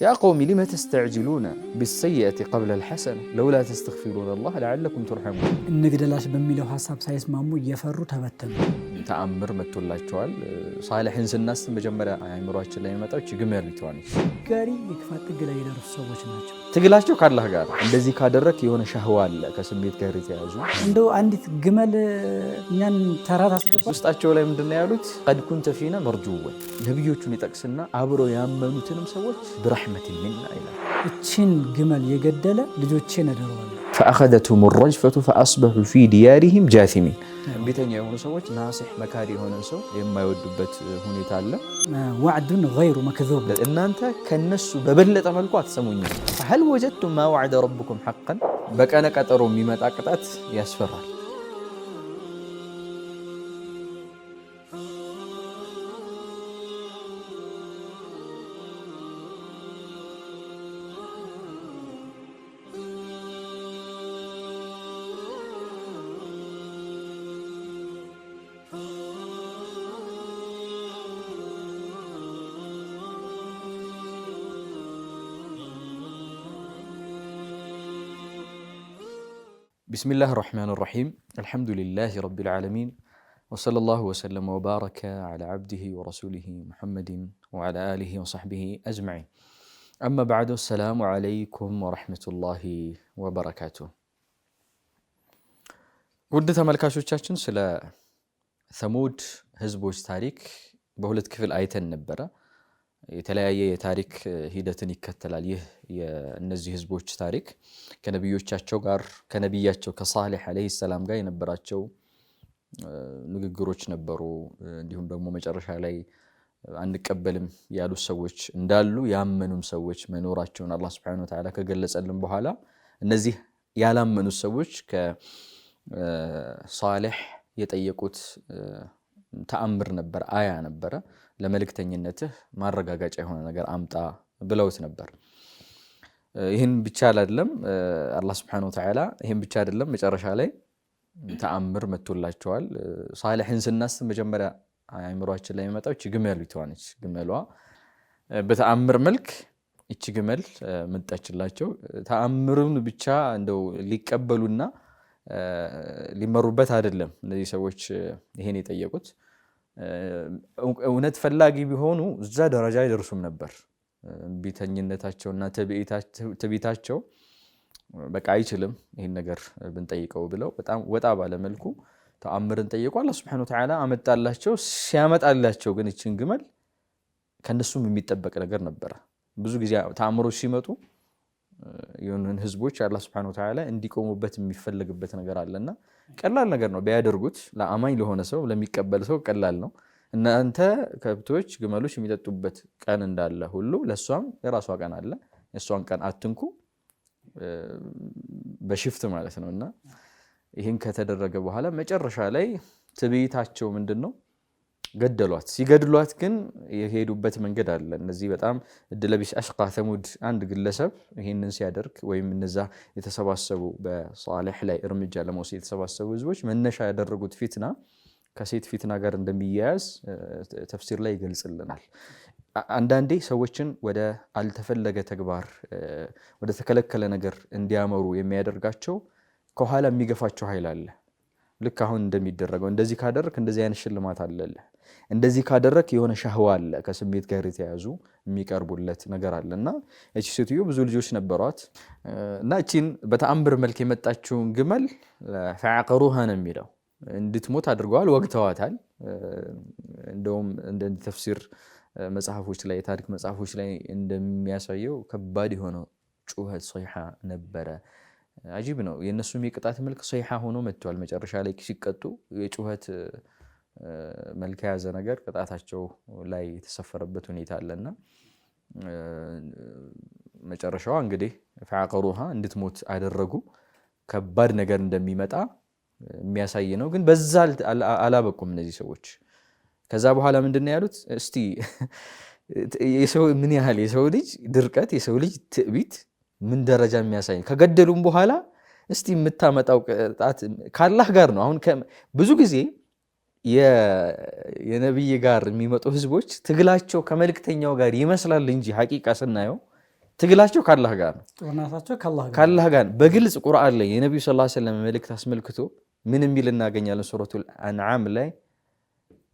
يا قوم لم تستعجلون بالسيئة قبل الحسنة لولا تستغفرون الله لعلكم ترحمون بميلو حساب سايس مامو እየፈሩ ተበተኑ። ተአምር መጥቶላቸዋል። ሳሌሕን ስናስብ መጀመሪያ አይምሯችን ላይ የሚመጣው ግመል ነች። ገሪ የክፋት ጥግ ላይ የደረሱ ሰዎች ናቸው። ትግላቸው ካላህ ጋር እንደዚህ ካደረግ የሆነ ሻህዋ አለ ከስሜት ጋር የተያዙ እንደ አንዲት ግመል እኛን ተራ ታስገባ። ውስጣቸው ላይ ምንድን ነው ያሉት? ቀድ ኩንተ ፊና መርጁወን ነቢዮቹን ይጠቅስና አብረው ያመኑትንም ሰዎች ብራሕመት ሚና ይላል። እችን ግመል የገደለ ልጆቼ ነደረዋል ፈአኸዘትሁም ረጅፈቱ ፈአስበሑ ፊ ዲያሪሂም ጃሲሚን። ቤተኛ የሆኑ ሰዎች ናሲሕ መካሪ የሆነን ሰው የማይወዱበት ሁኔታ አለ። ዋዕዱን ገይሩ መክዙብ፣ እናንተ ከነሱ በበለጠ መልኩ አትሰሙኝም። ፈሀል ወጀድቱም ማ ዋዕደ ረብኩም ሐቀን፣ በቀነ ቀጠሮ የሚመጣ ቅጣት ያስፈራል። بسم الله الرحمن الرحيم الحمد لله رب العالمين وصلى الله وسلم وبارك على عبده ورسوله محمد وعلى آله وصحبه أجمعين أما بعد السلام عليكم ورحمة الله وبركاته ውድ ተመልካቾቻችን سلا ثمود ህዝቦች ታሪክ بهولت كفل አይተን ነበረ። የተለያየ የታሪክ ሂደትን ይከተላል። ይህ የእነዚህ ህዝቦች ታሪክ ከነቢዮቻቸው ጋር ከነቢያቸው ከሳሌሕ ዓለይሂ ሰላም ጋር የነበራቸው ንግግሮች ነበሩ። እንዲሁም ደግሞ መጨረሻ ላይ አንቀበልም ያሉ ሰዎች እንዳሉ ያመኑም ሰዎች መኖራቸውን አላህ ሱብሓነሁ ወተዓላ ከገለጸልን በኋላ እነዚህ ያላመኑት ሰዎች ከሳሌሕ የጠየቁት ተአምር ነበረ፣ አያ ነበረ። ለመልእክተኝነትህ ማረጋገጫ የሆነ ነገር አምጣ ብለውት ነበር። ይህን ብቻ አይደለም አላህ ስብሐነሁ ወተዓላ ይህን ብቻ አይደለም፣ መጨረሻ ላይ ተአምር መቶላቸዋል። ሳሌሕን ስናስብ መጀመሪያ አይምሯችን ላይ የሚመጣው እቺ ግመሉ ይተዋነች ግመሏ በተአምር መልክ እቺ ግመል መጣችላቸው። ተአምሩን ብቻ እንደው ሊቀበሉና ሊመሩበት አይደለም እነዚህ ሰዎች ይሄን የጠየቁት እውነት ፈላጊ ቢሆኑ እዛ ደረጃ አይደርሱም ነበር። ቤተኝነታቸው እና በቃ አይችልም ይህን ነገር ብንጠይቀው ብለው በጣም ወጣ ባለመልኩ ተአምርን ጠየቁ። አላህ ስብሐነሁ ወተዓላ አመጣላቸው። ሲያመጣላቸው ግን ይችን ግመል ከእነሱም የሚጠበቅ ነገር ነበረ። ብዙ ጊዜ ተአምሮች ሲመጡ የሆነን ህዝቦች አላህ ስብሐነሁ ወተዓላ እንዲቆሙበት የሚፈለግበት ነገር አለና ቀላል ነገር ነው ቢያደርጉት፣ ለአማኝ ለሆነ ሰው ለሚቀበል ሰው ቀላል ነው። እናንተ ከብቶች፣ ግመሎች የሚጠጡበት ቀን እንዳለ ሁሉ ለእሷም የራሷ ቀን አለ። የእሷን ቀን አትንኩ፣ በሽፍት ማለት ነው። እና ይህን ከተደረገ በኋላ መጨረሻ ላይ ትብይታቸው ምንድን ነው? ገደሏት። ሲገድሏት ግን የሄዱበት መንገድ አለ። እነዚህ በጣም እድለቢስ አሽቃ ተሙድ አንድ ግለሰብ ይህንን ሲያደርግ ወይም እነዛ የተሰባሰቡ በሷሊሕ ላይ እርምጃ ለመውሰድ የተሰባሰቡ ህዝቦች መነሻ ያደረጉት ፊትና ከሴት ፊትና ጋር እንደሚያያዝ ተፍሲር ላይ ይገልጽልናል። አንዳንዴ ሰዎችን ወደ አልተፈለገ ተግባር ወደ ተከለከለ ነገር እንዲያመሩ የሚያደርጋቸው ከኋላ የሚገፋቸው ኃይል አለ። ልክ አሁን እንደሚደረገው እንደዚህ ካደረክ እንደዚህ አይነት ሽልማት አለለ። እንደዚህ ካደረክ የሆነ ሻህዋ አለ፣ ከስሜት ጋር የተያዙ የሚቀርቡለት ነገር አለ እና እቺ ሴትዮ ብዙ ልጆች ነበሯት እና እቺን በተአምር መልክ የመጣችውን ግመል ፈዐቀሩሃ ነው የሚለው እንድትሞት አድርገዋል፣ ወግተዋታል። እንደውም እንደ ተፍሲር መጽሐፎች ላይ የታሪክ መጽሐፎች ላይ እንደሚያሳየው ከባድ የሆነው ጩኸት ሶይሓ ነበረ። አጂብ ነው። የእነሱም የቅጣት መልክ ሰይሓ ሆኖ መጥቷል። መጨረሻ ላይ ሲቀጡ የጩኸት መልክ የያዘ ነገር ቅጣታቸው ላይ የተሰፈረበት ሁኔታ አለና መጨረሻዋ እንግዲህ ፈዐቀሩሃ እንድትሞት አደረጉ። ከባድ ነገር እንደሚመጣ የሚያሳይ ነው። ግን በዛ አላበቁም እነዚህ ሰዎች። ከዛ በኋላ ምንድን ነው ያሉት? እስቲ ምን ያህል የሰው ልጅ ድርቀት፣ የሰው ልጅ ትዕቢት ምን ደረጃ የሚያሳይ ከገደሉም በኋላ እስቲ የምታመጣው ቅጣት ካላህ ጋር ነው። አሁን ብዙ ጊዜ የነቢይ ጋር የሚመጡ ህዝቦች ትግላቸው ከመልክተኛው ጋር ይመስላል እንጂ ሀቂቃ ስናየው ትግላቸው ካላህ ጋር ነው። ካላህ ጋር በግልጽ ቁርአን ላይ የነቢዩ ስ ስለም መልእክት አስመልክቶ ምን የሚል እናገኛለን? ሱረቱል አንዓም ላይ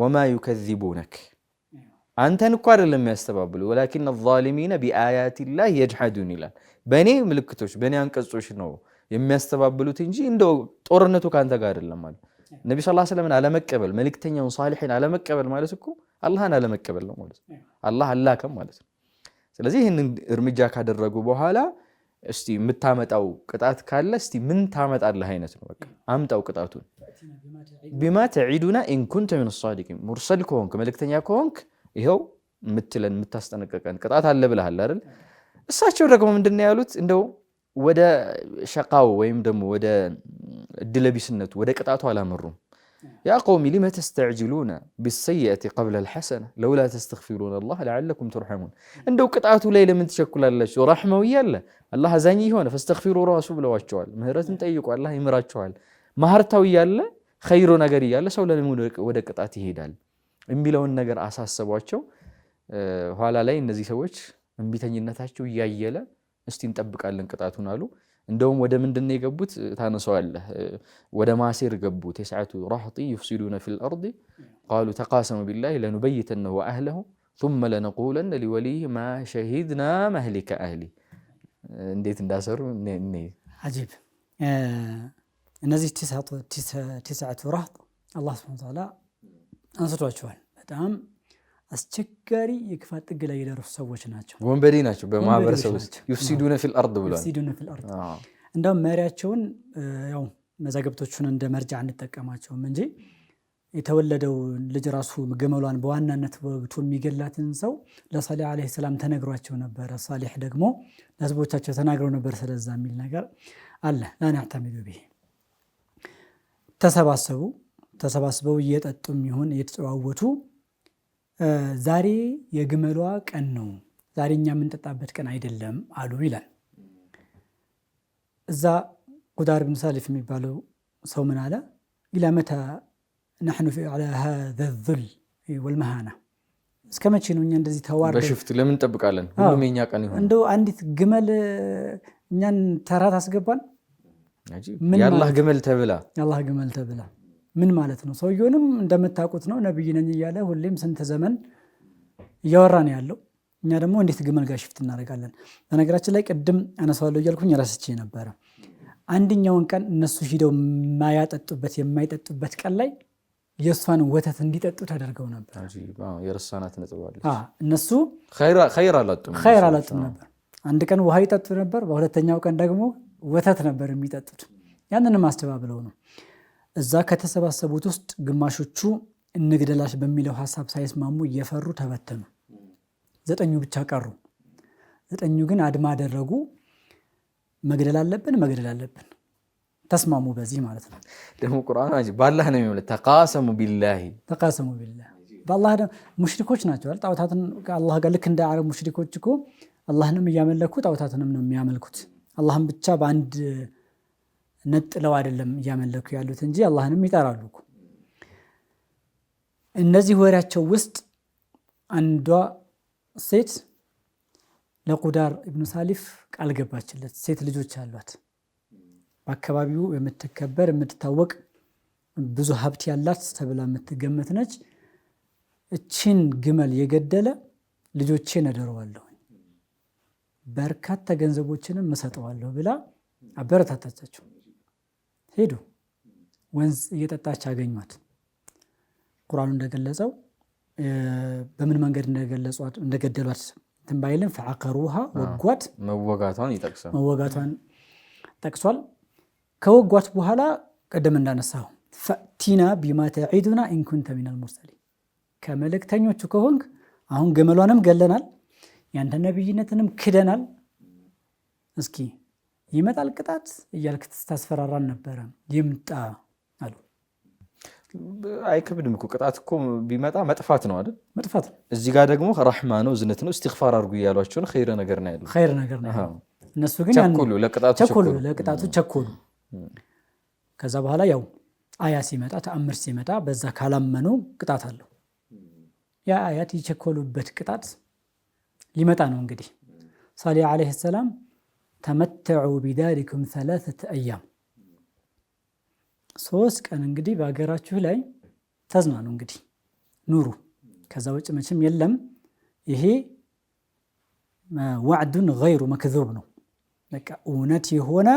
ወማ ዩከዚቡነክ አንተን እኮ አይደለም የሚያስተባብሉ ወላኪን ዛሊሚነ ቢአያቲላህ የጅሐዱን ይላል። በእኔ ምልክቶች በእኔ አንቀጾች ነው የሚያስተባብሉት እንጂ እንደው ጦርነቱ ከአንተ ጋር አይደለም ማለት ነቢ ስ ስለምን አለመቀበል መልእክተኛውን ሳሊሒን አለመቀበል ማለት እኮ አላህን አለመቀበል ነው ማለት አላህ አላከም ማለት ነው። ስለዚህ ይህንን እርምጃ ካደረጉ በኋላ እስቲ የምታመጣው ቅጣት ካለ እስቲ ምን ታመጣለህ አይነት ነው። በቃ አምጣው ቅጣቱን ቢማ ተዒዱና ኢንኩንተ ሚን ሳዲቂን ሙርሰል ከሆንክ መልክተኛ ከሆንክ ይኸው የምትለን የምታስጠነቀቀን ቅጣት አለ ብለሃል አይደል? እሳቸው ደግሞ ምንድን ያሉት እንደው ወደ ሸቃው ወይም ደግሞ ወደ እድለቢስነቱ ወደ ቅጣቱ አላመሩም። ያ ቀውሚ ሊመ ተስተዕጅሉነ ብሰይአቲ ቀብለ ልሐሰነ ለውላ ተስተግፊሩነ አላህ ለዓለኩም ትርሐሙን። እንደው ቅጣቱ ላይ ለምን ትቸኩላላችሁ? ረሕመው እያለ አላህ አዛኝ የሆነ ፈስተግፊሩ ራሱ ብለዋቸዋል። ምህረትን ጠይቁ አላህ ይምራቸዋል። ማህርታው እያለ ኸይሮ ነገር እያለ ሰው ለምን ወደ ቅጣት ይሄዳል? የሚለውን ነገር አሳሰቧቸው። ኋላ ላይ እነዚህ ሰዎች እምቢተኝነታቸው እያየለ እስቲ እንጠብቃለን ቅጣቱን አሉ። እንደውም ወደ ምንድን የገቡት ታነሰዋለህ፣ ወደ ማሴር ገቡ። ተስዓቱ ራሕጢ ዩፍሲዱነ ፊል አርድ ቃሉ ተቃሰሙ ቢላህ ለኑበይተነሁ ወአህለሁ ቱመ ለነቁለነ ሊወሊህ ማ ሸሂድና መህሊከ አህሊ። እንዴት እንዳሰሩ አጂብ። እነዚህ ተስዓቱ ራሕጥ አላህ ስብሐነ ወተዓላ አንስቷቸዋል። በጣም አስቸጋሪ የክፋት ጥግ ላይ የደረሱ ሰዎች ናቸው፣ ወንበዴ ናቸው፣ በማህበረሰብ ውስጥ ዩፍሲዱነ ፊል አርድ ብሏል። እንደውም መሪያቸውን ያው መዛግብቶቹን እንደ መርጃ አንጠቀማቸውም እንጂ የተወለደው ልጅ ራሱ ግመሏን በዋናነት ወግቶ የሚገላትን ሰው ለሳሌሕ ዓለይሂ ሰላም ተነግሯቸው ነበረ። ሳሌሕ ደግሞ ለህዝቦቻቸው ተናግረው ነበር። ስለዛ የሚል ነገር አለ ላን ያዕተሚዱ ብሄ ተሰባሰቡ ተሰባስበው እየጠጡም ይሁን እየተጨዋወቱ ዛሬ የግመሏ ቀን ነው፣ ዛሬ እኛ የምንጠጣበት ቀን አይደለም አሉ ይላል። እዛ ጉዳር ብን ሳሊፍ የሚባለው ሰው ምን አለ? ኢላ መታ ናሕኑ ላ ሃዘ ዙል ወልመሃና እስከ መቼ ነው እኛ እንደዚህ ተዋርደን በሽፍት ለምን እንጠብቃለን? ሁሉም የኛ ቀን ይሆን? እንደው አንዲት ግመል እኛን ተራት ታስገባን? የአላህ ግመል ተብላ የአላህ ግመል ተብላ ምን ማለት ነው? ሰውየውንም እንደምታውቁት ነው ነብይ ነኝ እያለ ሁሌም ስንት ዘመን እያወራ ነው ያለው። እኛ ደግሞ እንዴት ግመል ጋር ሽፍት እናደርጋለን? በነገራችን ላይ ቅድም አነሳዋለሁ እያልኩኝ ረስቼ ነበረ። አንደኛውን ቀን እነሱ ሂደው የማያጠጡበት የማይጠጡበት ቀን ላይ የእሷን ወተት እንዲጠጡ ተደርገው ነበር። የረሳናት እነሱ ኸይር አላጡም ነበር። አንድ ቀን ውሃ ይጠጡ ነበር፣ በሁለተኛው ቀን ደግሞ ወተት ነበር የሚጠጡት። ያንንም አስተባብለው ነው እዛ ከተሰባሰቡት ውስጥ ግማሾቹ እንግደላሽ በሚለው ሀሳብ ሳይስማሙ እየፈሩ ተበተኑ። ዘጠኙ ብቻ ቀሩ። ዘጠኙ ግን አድማ አደረጉ። መግደል አለብን መግደል አለብን ተስማሙ። በዚህ ማለት ነው ደግሞ ቁርአን ባላህ ነው የሚለው ተቃሰሙ ቢላሂ ተቃሰሙ ቢላሂ በአላህ ሙሽሪኮች ናቸው ጣዖታትን ከአላህ ጋር ልክ እንደ አረብ ሙሽሪኮች እኮ አላህንም እያመለኩ ጣዖታትንም ነው የሚያመልኩት። አላህም ብቻ በአንድ ነጥለው አይደለም እያመለኩ ያሉት እንጂ አላህንም ይጠራሉ። እነዚህ ወሬያቸው ውስጥ አንዷ ሴት ለቁዳር ኢብኑ ሳሊፍ ቃል ገባችለት። ሴት ልጆች አሏት፣ በአካባቢው የምትከበር የምትታወቅ ብዙ ሀብት ያላት ተብላ የምትገመት ነች። እችን ግመል የገደለ ልጆቼን ነደረዋለሁ በርካታ ገንዘቦችንም እሰጠዋለሁ ብላ አበረታታቻቸው። ሄዱ። ወንዝ እየጠጣች አገኟት። ቁርአኑ እንደገለጸው በምን መንገድ እንደገደሏት ትንባይልን ፈዐቀሩሃ ወጓት፣ መወጋቷን መወጋቷን ጠቅሷል። ከወጓት በኋላ ቀደም እንዳነሳው ፈቲና ቢማ ተዒዱና ኢንኩንተ ሚነል ሙርሰሊን ከመልእክተኞቹ ከሆንክ አሁን ገመሏንም ገለናል፣ ያንተ ነቢይነትንም ክደናል። እስኪ ይመጣል ቅጣት እያልክ ታስፈራራን ነበረ። ይምጣ አሉ። አይከብድም እኮ ቅጣት እኮ ቢመጣ መጥፋት ነው አይደል? መጥፋት ነው። እዚህ ጋር ደግሞ ረሕማ ነው ዝነት ነው እስትግፋር አድርጉ እያሏቸው ነው። ኸይረ ነገር ነው ያለው። ኸይረ ነገር ነው እነሱ ግን ለቅጣቱ ቸኮሉ። ከዛ በኋላ ያው አያ ሲመጣ ተአምር ሲመጣ በዛ ካላመኑ ቅጣት አለው። ያ አያት የቸኮሉበት ቅጣት ሊመጣ ነው እንግዲህ ሳሌ ዓለይሂ ሰላም ተመተዑ ቢዳሪኩም ሰላሰተ አያም ሶስት ቀን እንግዲህ በሀገራችሁ ላይ ተዝናኑ፣ እንግዲህ ኑሩ። ከዛ ውጭ መቼም የለም። ይሄ ዋዕዱን ገይሩ መክዙብ ነው። በቃ እውነት የሆነ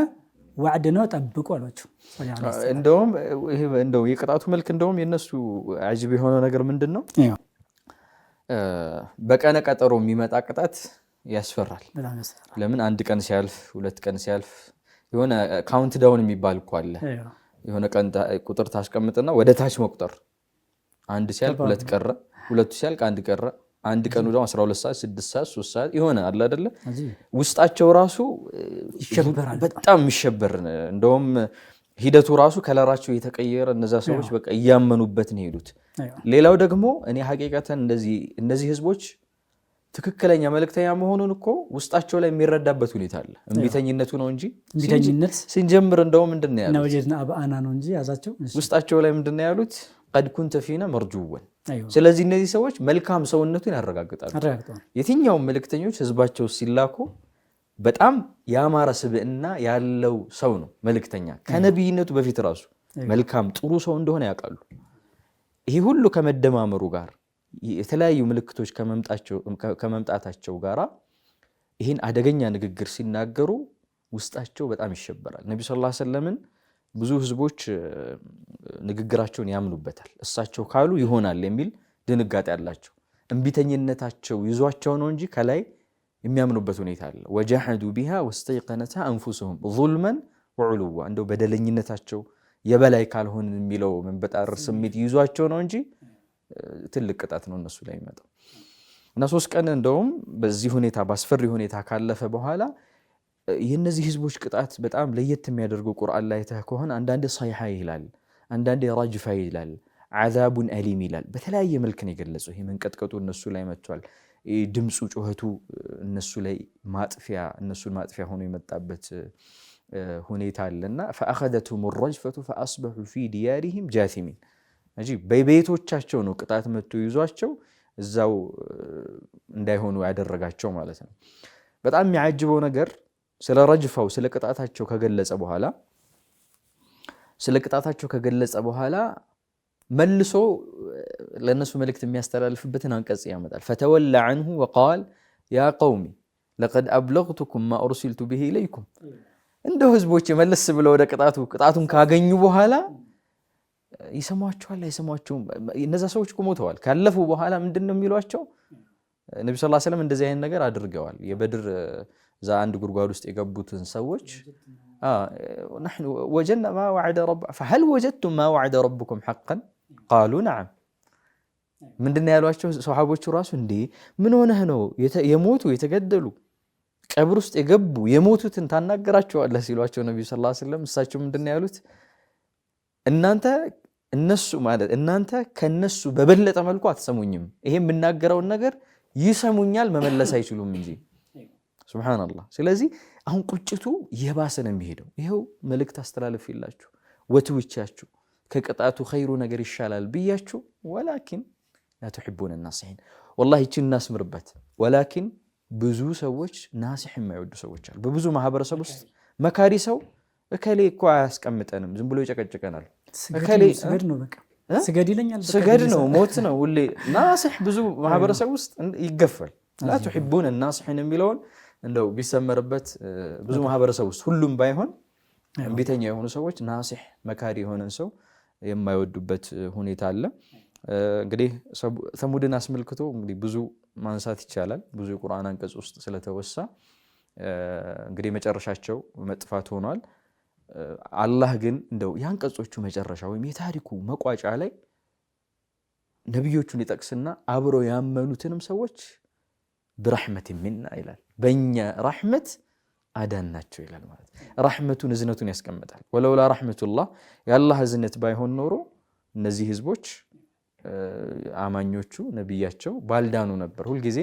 ዋዕድ ነው፣ ጠብቁ አሏቸው። እንደውም እንደው የቅጣቱ መልክ እንደውም የነሱ አጅብ የሆነ ነገር ምንድን ነው? በቀነ ቀጠሮ የሚመጣ ቅጣት ያስፈራል። ለምን አንድ ቀን ሲያልፍ ሁለት ቀን ሲያልፍ የሆነ ካውንት ዳውን የሚባል እኮ አለ። የሆነ ቀን ቁጥር ታስቀምጥና ወደ ታች መቁጠር አንድ ሲያልፍ ሁለት ቀረ፣ ሁለቱ ሲያልቅ አንድ ቀረ፣ አንድ ቀኑ ደግሞ 12 ሰዓት፣ 6 ሰዓት፣ 3 ሰዓት የሆነ አለ አይደለ? ውስጣቸው ራሱ በጣም የሚሸበር እንደውም ሂደቱ ራሱ ከለራቸው የተቀየረ እነዛ ሰዎች በቃ እያመኑበት ነው የሄዱት። ሌላው ደግሞ እኔ ሀቂቀተን እነዚህ ህዝቦች ትክክለኛ መልእክተኛ መሆኑን እኮ ውስጣቸው ላይ የሚረዳበት ሁኔታ አለ። እንቢተኝነቱ ነው እንጂ እምቢተኝነት ሲንጀምር እንደው ምንድን ነው ያሉት? ነው እንጂ ያዛቸው ውስጣቸው ላይ ምንድን ነው ያሉት? ቀድ ኩንተ ፊና መርጁወን። ስለዚህ እነዚህ ሰዎች መልካም ሰውነቱን ያረጋግጣሉ። የትኛውም መልእክተኞች ህዝባቸው ሲላኩ በጣም የአማረ ስብዕና ያለው ሰው ነው መልእክተኛ። ከነቢይነቱ በፊት ራሱ መልካም ጥሩ ሰው እንደሆነ ያውቃሉ። ይህ ሁሉ ከመደማመሩ ጋር የተለያዩ ምልክቶች ከመምጣታቸው ጋር ይህን አደገኛ ንግግር ሲናገሩ ውስጣቸው በጣም ይሸበራል። ነቢ ስ ላ ሰለምን ብዙ ህዝቦች ንግግራቸውን ያምኑበታል። እሳቸው ካሉ ይሆናል የሚል ድንጋጤ አላቸው። እምቢተኝነታቸው ይዟቸው ነው እንጂ ከላይ የሚያምኑበት ሁኔታ አለ። ወጃሐዱ ቢሃ ወስተይቀነታ አንፉስሁም ዙልመን ወዕሉዋ እንደው በደለኝነታቸው የበላይ ካልሆን የሚለው መንበጣር ስሜት ይዟቸው ነው እንጂ ትልቅ ቅጣት ነው እነሱ ላይ የሚመጣው እና ሶስት ቀን እንደውም በዚህ ሁኔታ በአስፈሪ ሁኔታ ካለፈ በኋላ የእነዚህ ህዝቦች ቅጣት በጣም ለየት የሚያደርገው ቁርአን ላይ ተህ ከሆነ አንዳንዴ ሰይሐ ይላል፣ አንዳንዴ ራጅፋ ይላል፣ አዛቡን አሊም ይላል። በተለያየ መልክ ነው የገለጸው። ይህ መንቀጥቀጡ እነሱ ላይ መጥቷል። ድምፁ ጩኸቱ እነሱ ላይ ማጥፊያ እነሱን ማጥፊያ ሆኖ የመጣበት ሁኔታ አለና ፈአኸደትሁም ረጅፈቱ ፈአስበሑ ፊ ዲያሪሂም ጃቲሚን እንጂ በቤቶቻቸው ነው ቅጣት መቶ ይዟቸው እዛው እንዳይሆኑ ያደረጋቸው ማለት ነው። በጣም የሚያጅበው ነገር ስለ ረጅፋው ስለ ቅጣታቸው ከገለጸ በኋላ ስለ ቅጣታቸው ከገለጸ በኋላ መልሶ ለእነሱ መልእክት የሚያስተላልፍበትን አንቀጽ ያመጣል። ፈተወላ አንሁ ወቃል ያ ቀውሚ ለቀድ አብለግቱኩም ማ ኡርሲልቱ ብሂ ኢለይኩም። እንደ ህዝቦች መለስ ብለው ወደ ቅጣቱ ቅጣቱን ካገኙ በኋላ ይሰሟቸዋል አይሰሟቸውም። እነዛ ሰዎች እኮ ሞተዋል። ካለፉ በኋላ ምንድን ነው የሚሏቸው? ነቢ ስ ስለም እንደዚህ አይነት ነገር አድርገዋል። የበድር እዛ አንድ ጉድጓድ ውስጥ የገቡትን ሰዎች ወጀድና ማ ወዐደ ረቡኩም ፈሀል ወጀድቱም ማ ወዐደ ረቡኩም ሐቀን ቃሉ ነዓም። ምንድን ነው ያሏቸው ሰሓቦቹ ራሱ እንዴ ምን ሆነህ ነው የሞቱ የተገደሉ ቀብር ውስጥ የገቡ የሞቱትን ታናገራቸዋለህ ሲሏቸው ነቢዩ ስ ስለም እሳቸው ምንድን ነው ያሉት እናንተ እነሱ ማለት እናንተ ከነሱ በበለጠ መልኩ አትሰሙኝም። ይሄ የምናገረውን ነገር ይሰሙኛል፣ መመለስ አይችሉም እንጂ ሱብሓነላህ። ስለዚህ አሁን ቁጭቱ የባሰ ነው የሚሄደው። ይኸው መልእክት አስተላልፌላችሁ ወትውቻችሁ ከቅጣቱ ኸይሩ ነገር ይሻላል ብያችሁ፣ ወላኪን ላ ናሲሒን። ወላሂ ይችን እናስምርበት። ወላኪን ብዙ ሰዎች ናሲሕ የማይወዱ ሰዎች አሉ በብዙ ማህበረሰብ ውስጥ መካሪ ሰው እከሌ እኮ አያስቀምጠንም፣ ዝም ብሎ ይጨቀጭቀናል። ስገድ ይለኛል፣ ስገድ ነው፣ ሞት ነው ሁሌ ናስሕ። ብዙ ማህበረሰብ ውስጥ ይገፋል። ላ ቱሒቡን እናስሕን የሚለውን እንደው ቢሰመርበት ብዙ ማህበረሰብ ውስጥ ሁሉም ባይሆን እምቢተኛ የሆኑ ሰዎች ናስሕ መካሪ የሆነን ሰው የማይወዱበት ሁኔታ አለ። እንግዲህ ተሙድን አስመልክቶ እንግዲህ ብዙ ማንሳት ይቻላል። ብዙ የቁርአን አንቀጽ ውስጥ ስለተወሳ እንግዲህ መጨረሻቸው መጥፋት ሆኗል። አላህ ግን እንደው የአንቀጾቹ መጨረሻ ወይም የታሪኩ መቋጫ ላይ ነቢዮቹን ይጠቅስና አብረው ያመኑትንም ሰዎች ብራሕመት ሚና ይላል፣ በእኛ ራሕመት ናቸው ይላል። ማለት ራሕመቱን እዝነቱን ያስቀምጣል። ወለውላ ራሕመቱላህ የአላህ እዝነት ባይሆን ኖሮ እነዚህ ህዝቦች አማኞቹ ነቢያቸው ባልዳኑ ነበር። ሁልጊዜ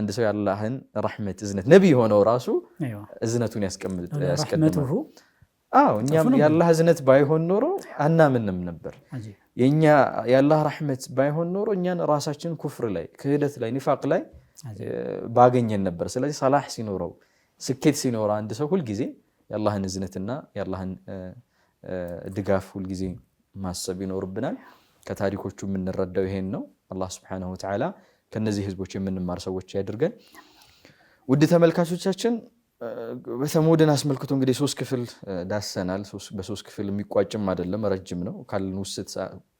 አንድ ሰው የአላህን ራሕመት እዝነት ነቢይ የሆነው ራሱ እዝነቱን ያስቀምጣል። አዎ እኛም የአላህ እዝነት ባይሆን ኖሮ አናምንም ነበር። የእኛ የአላህ ረሕመት ባይሆን ኖሮ እኛን ራሳችን ኩፍር ላይ ክህደት ላይ ኒፋቅ ላይ ባገኘን ነበር። ስለዚህ ሰላህ ሲኖረው ስኬት ሲኖረ አንድ ሰው ሁልጊዜ የአላህን እዝነትና የአላህን ድጋፍ ሁልጊዜ ማሰብ ይኖርብናል። ከታሪኮቹ የምንረዳው ይሄን ነው። አላህ ሱብሓነሁ ወተዓላ ከነዚህ ህዝቦች የምንማር ሰዎች ያድርገን። ውድ ተመልካቾቻችን በተሞደን አስመልክቶ እንግዲህ ሶስት ክፍል ዳሰናል። በሶስት ክፍል የሚቋጭም አይደለም፣ ረጅም ነው።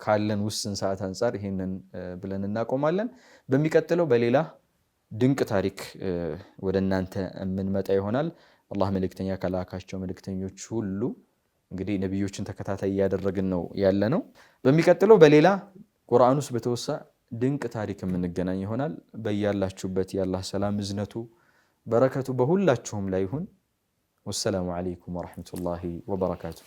ካለን ውስን ሰዓት አንጻር ይሄንን ብለን እናቆማለን። በሚቀጥለው በሌላ ድንቅ ታሪክ ወደ እናንተ የምንመጣ ይሆናል። አላህ መልእክተኛ ከላካቸው መልእክተኞች ሁሉ እንግዲህ ነቢዮችን ተከታታይ እያደረግን ነው ያለ ነው። በሚቀጥለው በሌላ ቁርአን ውስጥ በተወሳ ድንቅ ታሪክ የምንገናኝ ይሆናል። በያላችሁበት የአላህ ሰላም እዝነቱ በረከቱ በሁላችሁም ላይ ይሁን። ወሰላሙ ዓለይኩም ወረሕመቱላሂ ወበረካቱሁ።